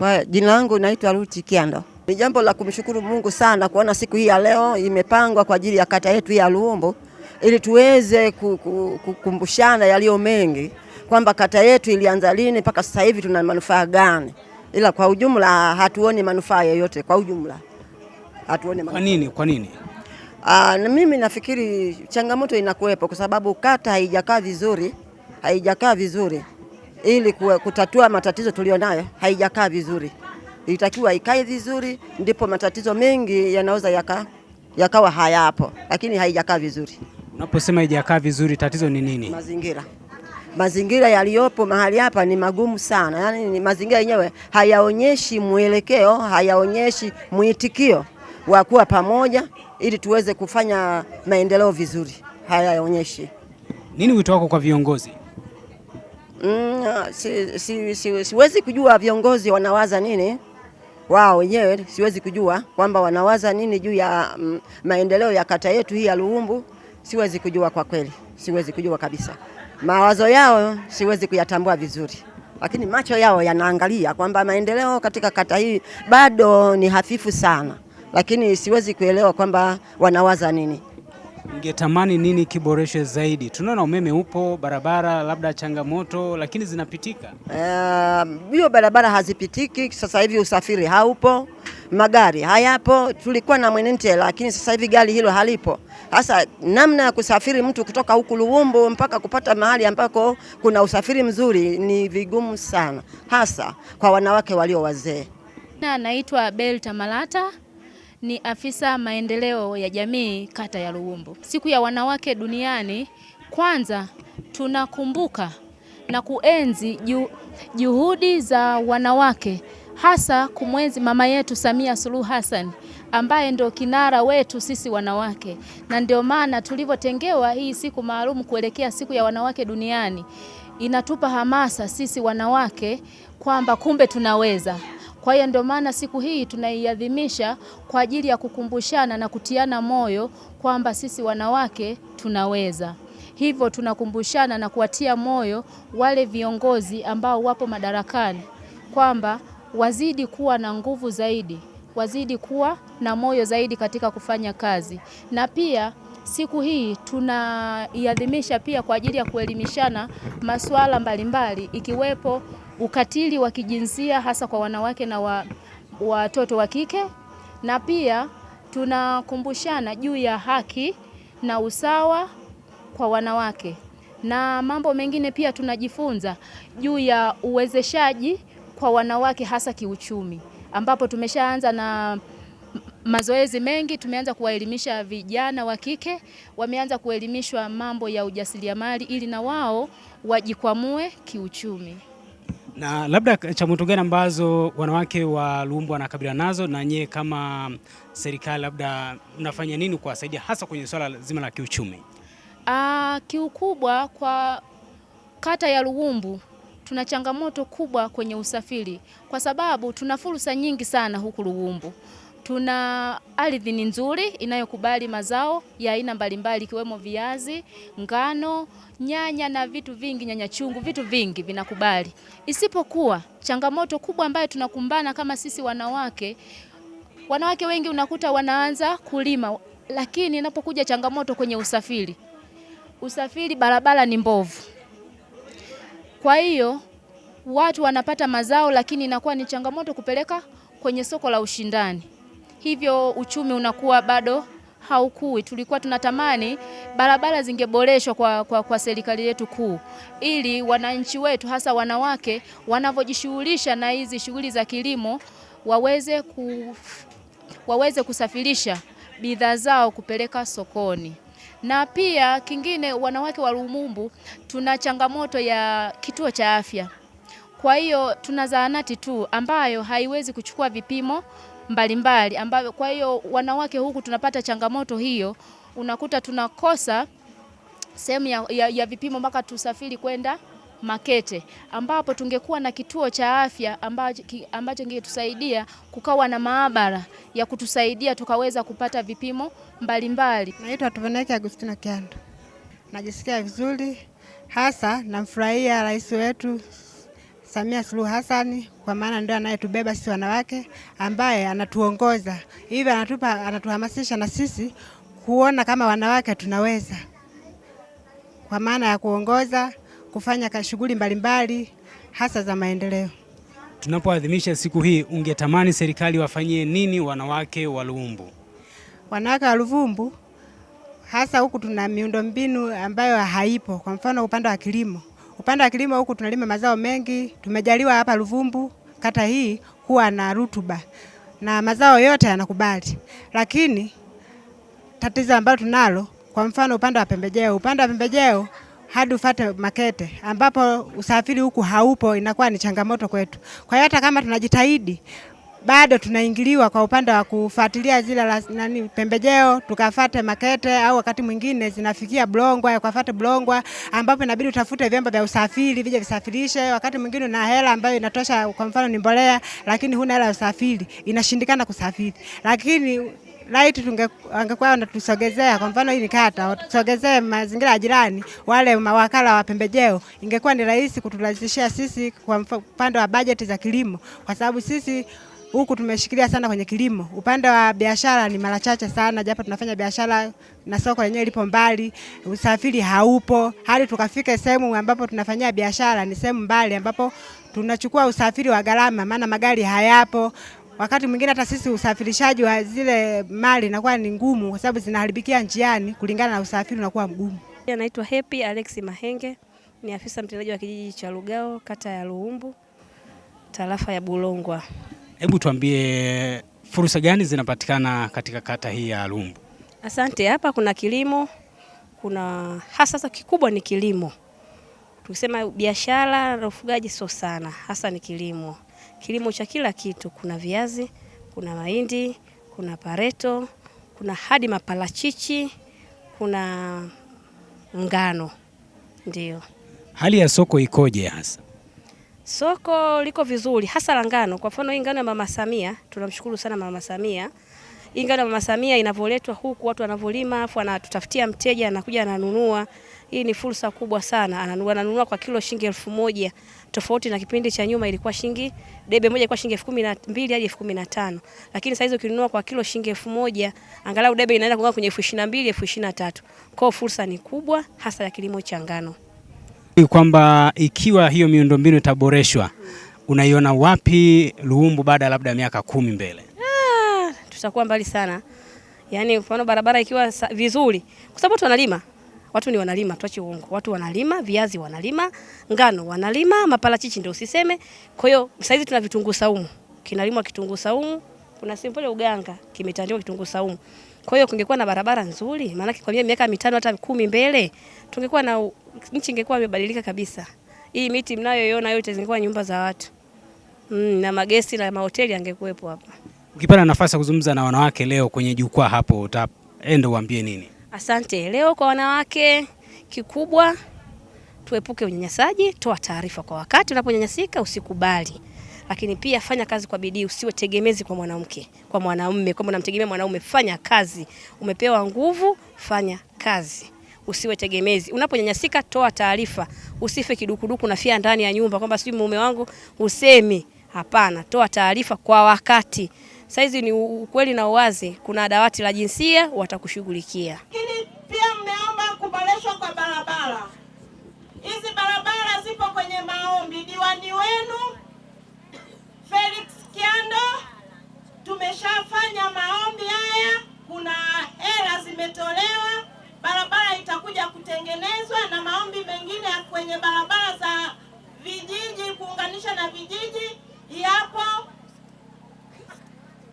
Kwa jina langu naitwa Ruti Kiando. Ni jambo la kumshukuru Mungu sana kuona siku hii ya leo imepangwa kwa ajili ya kata yetu ya Luombo ili tuweze kukumbushana yaliyo mengi kwamba kata yetu ilianza lini mpaka sasa hivi tuna manufaa gani, ila kwa ujumla hatuoni manufaa yoyote. Kwa ujumla hatuoni manufaa. Kwa nini? Kwa nini? Ah, na mimi nafikiri changamoto inakuwepo kwa sababu kata haijakaa vizuri, haijakaa vizuri ili kutatua matatizo nayo haijakaa vizuri. Ilitakiwa ikae vizuri, ndipo matatizo mengi yanaweza yaka, yakawa hayapo, lakini haijakaa vizuri. Unaposema haijakaa vizuri, tatizo ni nini? Mazingira, mazingira yaliyopo mahali hapa ni magumu sana, yaani mazingira yenyewe hayaonyeshi mwelekeo, hayaonyeshi mwitikio wa kuwa pamoja ili tuweze kufanya maendeleo vizuri, hayaonyeshi. Nini wito wako kwa viongozi? Mm, ah, si, si, si, siwezi kujua viongozi wanawaza nini wao wenyewe, siwezi kujua kwamba wanawaza nini juu ya mm, maendeleo ya kata yetu hii ya Luhumbu. Siwezi kujua kwa kweli, siwezi kujua kabisa. Mawazo yao siwezi kuyatambua vizuri, lakini macho yao yanaangalia kwamba maendeleo katika kata hii bado ni hafifu sana, lakini siwezi kuelewa kwamba wanawaza nini. Ungetamani nini kiboreshe zaidi? Tunaona umeme upo, barabara labda changamoto, lakini zinapitika. Hiyo uh, barabara hazipitiki sasa hivi, usafiri haupo, magari hayapo. Tulikuwa na mwenente, lakini sasa hivi gari hilo halipo. Sasa namna ya kusafiri mtu kutoka huku Luwumbu mpaka kupata mahali ambako kuna usafiri mzuri ni vigumu sana, hasa kwa wanawake walio wazee. Na naitwa Belta Malata, ni afisa maendeleo ya jamii kata ya Luwumbu. Siku ya wanawake duniani, kwanza tunakumbuka na kuenzi juhudi za wanawake hasa kumwenzi mama yetu Samia Suluhu Hassan ambaye ndio kinara wetu sisi wanawake, na ndio maana tulivyotengewa hii siku maalum kuelekea siku ya wanawake duniani inatupa hamasa sisi wanawake kwamba kumbe tunaweza. Kwa hiyo ndio maana siku hii tunaiadhimisha kwa ajili ya kukumbushana na kutiana moyo kwamba sisi wanawake tunaweza. Hivyo tunakumbushana na kuwatia moyo wale viongozi ambao wapo madarakani kwamba wazidi kuwa na nguvu zaidi, wazidi kuwa na moyo zaidi katika kufanya kazi na pia Siku hii tunaiadhimisha pia kwa ajili ya kuelimishana masuala mbalimbali ikiwepo ukatili wa kijinsia hasa kwa wanawake na watoto wa, wa kike na pia tunakumbushana juu ya haki na usawa kwa wanawake na mambo mengine pia tunajifunza juu ya uwezeshaji kwa wanawake hasa kiuchumi, ambapo tumeshaanza na mazoezi mengi, tumeanza kuwaelimisha vijana wa kike, wameanza kuelimishwa mambo ya ujasiriamali ili na wao wajikwamue kiuchumi. Na labda changamoto gani ambazo wanawake wa Rumbwa wanakabiliana nazo, na nyie kama serikali labda mnafanya nini kuwasaidia hasa kwenye swala zima la kiuchumi? Aa, ah, kiukubwa kwa kata ya Ruwumbu tuna changamoto kubwa kwenye usafiri, kwa sababu tuna fursa nyingi sana huku Ruwumbu. Tuna ardhi ni nzuri inayokubali mazao ya aina mbalimbali ikiwemo viazi, ngano, nyanya na vitu vingi, nyanya chungu, vitu vingi vinakubali, isipokuwa changamoto kubwa ambayo tunakumbana kama sisi wanawake. Wanawake wengi unakuta wanaanza kulima, lakini inapokuja changamoto kwenye usafiri, usafiri barabara ni mbovu, kwa hiyo watu wanapata mazao, lakini inakuwa ni changamoto kupeleka kwenye soko la ushindani hivyo uchumi unakuwa bado haukui. Tulikuwa tunatamani barabara zingeboreshwa kwa, kwa, kwa serikali yetu kuu, ili wananchi wetu hasa wanawake wanavyojishughulisha na hizi shughuli za kilimo waweze, ku, waweze kusafirisha bidhaa zao kupeleka sokoni. Na pia kingine, wanawake wa Lumumbu tuna changamoto ya kituo cha afya. Kwa hiyo tuna zahanati tu ambayo haiwezi kuchukua vipimo mbalimbali ambavyo, kwa hiyo wanawake huku tunapata changamoto hiyo, unakuta tunakosa sehemu ya, ya, ya vipimo mpaka tusafiri kwenda Makete ambapo tungekuwa na kituo cha afya ambacho, ambacho kingetusaidia kukawa na maabara ya kutusaidia tukaweza kupata vipimo mbalimbali. Naitwa Tuveneke Agustina Kiando. Najisikia vizuri hasa, namfurahia rais wetu Samia Suluhu Hassan kwa maana ndio anayetubeba sisi wanawake, ambaye anatuongoza hivyo, anatupa anatuhamasisha na sisi kuona kama wanawake tunaweza, kwa maana ya kuongoza kufanya shughuli mbalimbali hasa za maendeleo. Tunapoadhimisha siku hii, ungetamani serikali wafanyie nini wanawake wa Luvumbu? Wanawake wa Luvumbu hasa huku tuna miundombinu ambayo haipo, kwa mfano upande wa kilimo Upande wa kilimo huku tunalima mazao mengi, tumejaliwa hapa ruvumbu kata hii kuwa na rutuba na mazao yote yanakubali, lakini tatizo ambalo tunalo kwa mfano upande wa pembejeo, upande wa pembejeo hadi ufate Makete ambapo usafiri huku haupo, inakuwa ni changamoto kwetu. Kwa hiyo hata kama tunajitahidi bado tunaingiliwa kwa upande wa kufuatilia zile nani pembejeo, tukafate Makete au wakati mwingine zinafikia Blongwa, ukafate Blongwa ambapo inabidi utafute vyombo vya usafiri vije visafirishe. Wakati mwingine una hela ambayo inatosha, kwa mfano ni mbolea, lakini huna hela ya usafiri, inashindikana kusafiri, lakini laiti angekuwa anatusogezea kwa mfano hii ni kata, tusogezee mazingira ya jirani, wale mawakala wa pembejeo, ingekuwa ni rahisi kuturahisishia sisi kwa upande wa bajeti za kilimo, kwa sababu sisi huku tumeshikilia sana kwenye kilimo. Upande wa biashara ni mara chache sana, japo tunafanya biashara na soko lenyewe lipo mbali, usafiri haupo, hadi tukafika sehemu ambapo tunafanyia biashara ni sehemu mbali, ambapo tunachukua usafiri wa gharama, maana magari hayapo. Wakati mwingine hata sisi usafirishaji wa zile mali inakuwa ni ngumu, kwa sababu zinaharibikia njiani, kulingana na usafiri unakuwa mgumu. Anaitwa Happy Alex Mahenge, ni afisa mtendaji wa kijiji cha Lugao, kata ya Luumbu, tarafa ya Bulongwa. Hebu tuambie fursa gani zinapatikana katika kata hii ya Lumbu? Asante. Hapa kuna kilimo, kuna hasa sasa kikubwa ni kilimo. Tukisema biashara na ufugaji sio sana, hasa ni kilimo, kilimo cha kila kitu. Kuna viazi, kuna mahindi, kuna pareto, kuna hadi maparachichi, kuna ngano. Ndio hali ya soko ikoje hasa? Soko liko vizuri hasa la ngano. Kwa mfano hii ngano ya Mama Samia, tunamshukuru sana Mama Samia. Hii ngano ya Mama Samia inavoletwa huku watu wanavolima, afu anatutafutia mteja anakuja ananunua. Hii ni fursa kubwa sana. Ananunua ananunua kwa kilo shilingi elfu moja tofauti na kipindi cha nyuma ilikuwa shilingi debe moja ilikuwa shilingi elfu kumi na mbili hadi elfu kumi na tano. Lakini sasa hizo ukinunua kwa kilo shilingi elfu moja angalau debe inaenda kuanzia kwenye elfu ishirini na mbili elfu ishirini na tatu. Kwa fursa ni kubwa hasa ya kilimo cha ngano kwamba ikiwa hiyo miundombinu itaboreshwa, unaiona wapi luumbu baada ya labda miaka kumi mbele? Ah, tutakuwa mbali sana. Yaani mfano barabara ikiwa vizuri, kwa sababu watu wanalima, watu ni wanalima, tuache uongo, watu wanalima viazi, wanalima ngano, wanalima maparachichi, ndio usiseme. Kwa hiyo saizi tuna vitunguu saumu, kinalimwa kitunguu saumu, kuna simpole Uganga kimetandiwa kitunguu saumu kwa hiyo kungekuwa na barabara nzuri, maanake kwa miaka mitano hata kumi mbele tungekuwa na nchi ingekuwa imebadilika kabisa. Hii miti mnayoiona yote zingekuwa nyumba za watu mm, na magesi na mahoteli angekuwepo hapa. Ukipata nafasi ya kuzungumza na wanawake leo kwenye jukwaa hapo, utaenda uambie nini? Asante. Leo kwa wanawake, kikubwa tuepuke unyanyasaji, toa taarifa kwa wakati. Unaponyanyasika usikubali lakini pia fanya kazi kwa bidii, usiwe tegemezi kwa mwanamke, kwa mwanamume, kama unamtegemea mwanaume, fanya kazi. Umepewa nguvu, fanya kazi, usiwe tegemezi. Unaponyanyasika, toa taarifa, usife kidukuduku na fia ndani ya nyumba kwamba sijui mume wangu usemi. Hapana, toa taarifa kwa wakati. Saizi ni ukweli na uwazi, kuna dawati la jinsia watakushughulikia. Lakini pia mmeomba kuboreshwa kwa barabara. Hizi barabara zipo kwenye maombi, diwani wenu Felix Kiando, tumeshafanya maombi haya, kuna hela zimetolewa, barabara itakuja kutengenezwa na maombi mengine kwenye barabara za vijiji kuunganisha na vijiji yapo,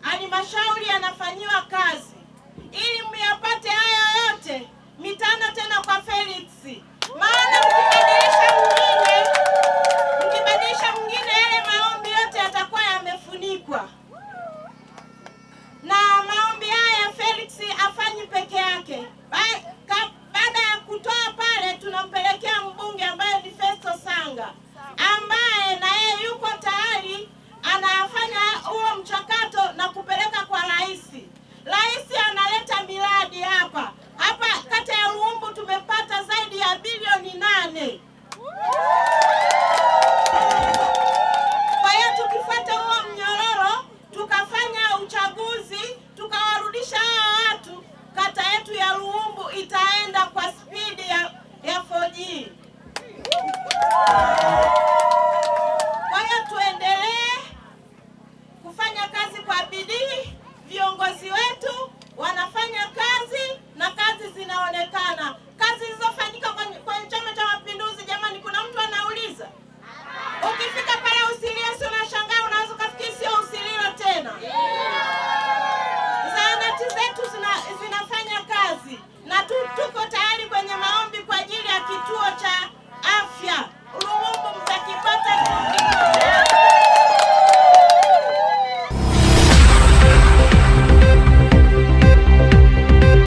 halmashauri yanafanyiwa kazi ili myapate haya yote. Mitano tena kwa Felix, maana ukibadilisha